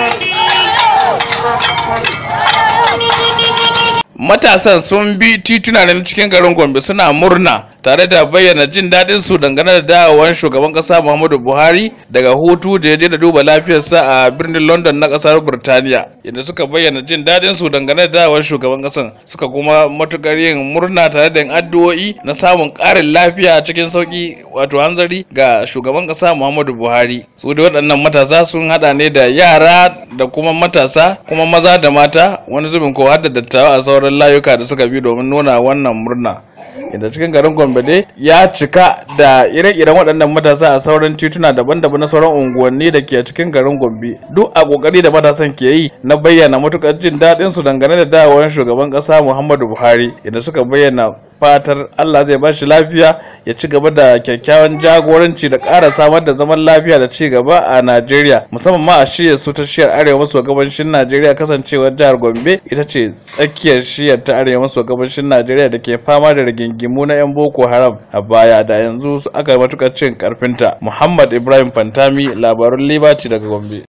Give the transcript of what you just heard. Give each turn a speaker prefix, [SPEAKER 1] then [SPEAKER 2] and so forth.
[SPEAKER 1] Hey! matasan sun bi tituna na cikin garin gombe suna murna tare da bayyana jin daɗin su dangane da dawowar shugaban ƙasa muhammadu buhari daga hutu da ya je da duba lafiyarsa a birnin london na ƙasar Birtaniya inda suka bayyana jin daɗin su dangane da dawowar shugaban ƙasan suka kuma matuƙar yin murna tare da addu'o'i na samun ƙarin lafiya cikin sauƙi wato hanzari ga shugaban ƙasa muhammadu buhari su da waɗannan matasa sun haɗa ne da yara da kuma matasa kuma maza da mata wani zubin ko har da dattawa a sauran layuka da suka bi domin nuna wannan murna inda cikin garin gombe ya cika da ire-iren waɗannan matasa a sauran tituna daban-daban na sauran unguwanni da ke cikin garin Gombe duk a ƙoƙari da matasan ke yi na bayyana matuƙar jin daɗin su dangane da dawowar shugaban ƙasa Muhammadu Buhari idan suka bayyana fatar Allah zai ba shi lafiya ya ci gaba da kyakkyawan jagoranci da ƙara samar da zaman lafiya da ci gaba a Najeriya musamman ma a shirya su ta shiyar arewa maso gabashin Najeriya kasancewar jihar Gombe ita ce tsakiyar shiyar ta arewa maso gabashin Najeriya da ke fama da rigingimu na 'yan Boko Haram a baya da yanzu yanzu aka matukar cin karfinta muhammad ibrahim fantami labarun liberty daga gombe